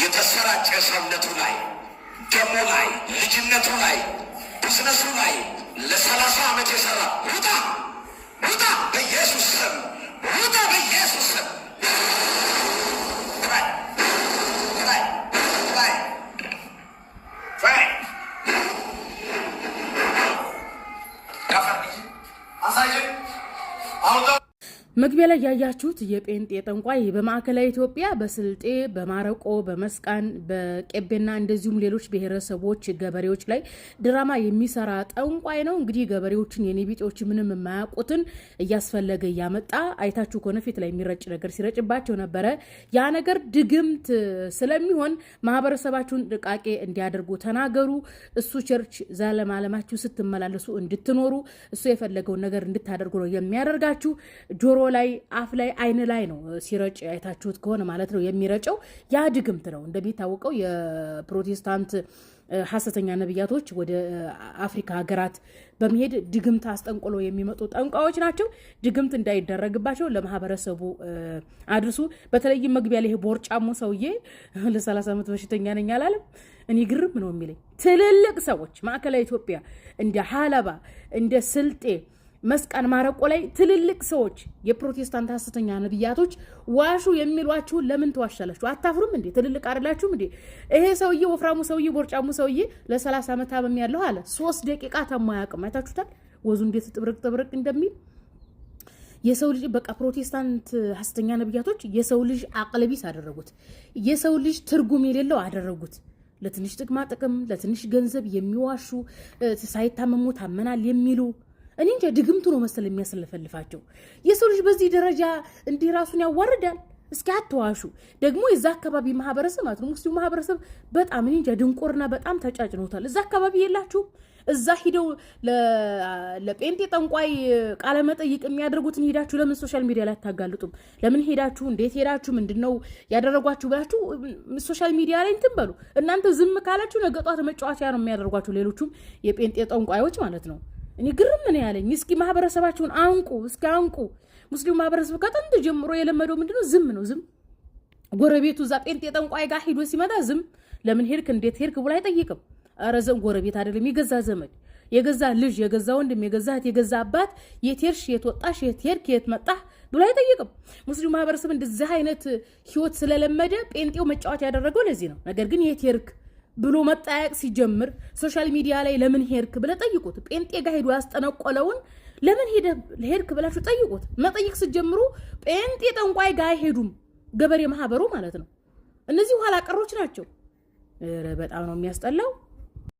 የተሰራጨ ሰውነቱ ላይ ደሙ ላይ ልጅነቱ ላይ ቢዝነሱ ላይ ለሰላሳ ዓመት የሰራ ውጣ፣ ውጣ በኢየሱስ ስም ውጣ፣ በኢየሱስ ስም መግቢያ ላይ ያያችሁት የጴንጤ ጠንቋይ በማዕከላዊ ኢትዮጵያ በስልጤ በማረቆ በመስቃን በቄቤና እንደዚሁም ሌሎች ብሔረሰቦች ገበሬዎች ላይ ድራማ የሚሰራ ጠንቋይ ነው። እንግዲህ ገበሬዎችን የኔቢጤዎች ምንም የማያውቁትን እያስፈለገ እያመጣ አይታችሁ ከሆነ ፊት ላይ የሚረጭ ነገር ሲረጭባቸው ነበረ። ያ ነገር ድግምት ስለሚሆን ማህበረሰባችሁን ጥንቃቄ እንዲያደርጉ ተናገሩ። እሱ ቸርች ዘላለማችሁ ስትመላለሱ እንድትኖሩ እሱ የፈለገውን ነገር እንድታደርጉ ነው የሚያደርጋችሁ ጆሮ ላይ አፍ ላይ አይን ላይ ነው ሲረጭ አይታችሁት ከሆነ ማለት ነው የሚረጨው። ያ ድግምት ነው። እንደሚታወቀው የፕሮቴስታንት ሐሰተኛ ነብያቶች ወደ አፍሪካ ሀገራት በመሄድ ድግምት አስጠንቅሎ የሚመጡ ጠንቋዎች ናቸው። ድግምት እንዳይደረግባቸው ለማህበረሰቡ አድርሱ። በተለይም መግቢያ ላይ ቦርጫሙ ሰውዬ ለ30 ዓመት በሽተኛ ነኝ አላለም። እኔ ግርም ነው የሚለኝ ትልልቅ ሰዎች ማዕከላዊ ኢትዮጵያ እንደ ሀለባ እንደ ስልጤ መስቀል ማረቆ ላይ ትልልቅ ሰዎች የፕሮቴስታንት ሐሰተኛ ነብያቶች ዋሹ የሚሏችሁን ለምን ተዋሻላችሁ? አታፍሩም እንዴ? ትልልቅ አይደላችሁም እንዴ? ይሄ ሰውዬ ወፍራሙ ሰውዬ ቦርጫሙ ሰውዬ ለ30 ዓመት አመም ያለው አለ ሶስት ደቂቃ ተማያቅም አይታችሁታል። ወዙ እንዴት ጥብርቅ ጥብርቅ እንደሚል የሰው ልጅ በቃ ፕሮቴስታንት ሐሰተኛ ነብያቶች የሰው ልጅ አቅለቢስ አደረጉት። የሰው ልጅ ትርጉም የሌለው አደረጉት። ለትንሽ ጥቅማ ጥቅም፣ ለትንሽ ገንዘብ የሚዋሹ ሳይታመሙ ታመናል የሚሉ እኔ እንጃ ድግምቱ ነው መሰል የሚያስለፈልፋቸው። የሰው ልጅ በዚህ ደረጃ እንዲህ ራሱን ያዋርዳል? እስኪ አትዋሹ። ደግሞ የዛ አካባቢ ማህበረሰብ ማለት ነው ሙስሊሙ ማህበረሰብ በጣም እኔ እንጃ ድንቁርና በጣም ተጫጭኖታል። እዛ አካባቢ የላችሁም? እዛ ሂደው ለጴንጤ ጠንቋይ ቃለ መጠይቅ የሚያደርጉትን ሄዳችሁ ለምን ሶሻል ሚዲያ ላይ አታጋልጡም? ለምን ሄዳችሁ እንዴት ሄዳችሁ ምንድን ነው ያደረጓችሁ ብላችሁ ሶሻል ሚዲያ ላይ እንትን በሉ። እናንተ ዝም ካላችሁ ነገ ጧት መጫወቻ ነው የሚያደርጓችሁ ሌሎቹም የጴንጤ ጠንቋዮች ማለት ነው። እኔ ግርም ነው ያለኝ። እስኪ ማህበረሰባችሁን አንቁ፣ እስኪ አንቁ። ሙስሊሙ ማህበረሰብ ከጥንት ጀምሮ የለመደው ምንድነው? ዝም ነው ዝም። ጎረቤቱ እዛ ጴንጤ ጠንቋይ ጋር ሂዶ ሲመጣ ዝም። ለምን ሄድክ፣ እንዴት ሄድክ ብሎ አይጠይቅም። ኧረ ጎረቤት አይደለም የገዛ ዘመድ፣ የገዛ ልጅ፣ የገዛ ወንድም፣ የገዛ እህት፣ የገዛ አባት የት ሄድሽ፣ የት ወጣሽ፣ የት ሄድክ፣ የት መጣህ ብሎ አይጠይቅም። ሙስሊሙ ማህበረሰብ እንደዚህ አይነት ህይወት ስለለመደ ጴንጤው መጫወት ያደረገው ለዚህ ነው። ነገር ግን የት ሄድክ ብሎ መጠያየቅ ሲጀምር ሶሻል ሚዲያ ላይ ለምን ሄድክ ብለህ ጠይቁት። ጴንጤ ጋር ሄዶ ያስጠነቆለውን ለምን ሄድክ ብላችሁ ጠይቁት። መጠይቅ ስጀምሩ ጴንጤ ጠንቋይ ጋር አይሄዱም። ገበሬ ማህበሩ ማለት ነው። እነዚህ ኋላ ቀሮች ናቸው። በጣም ነው የሚያስጠላው።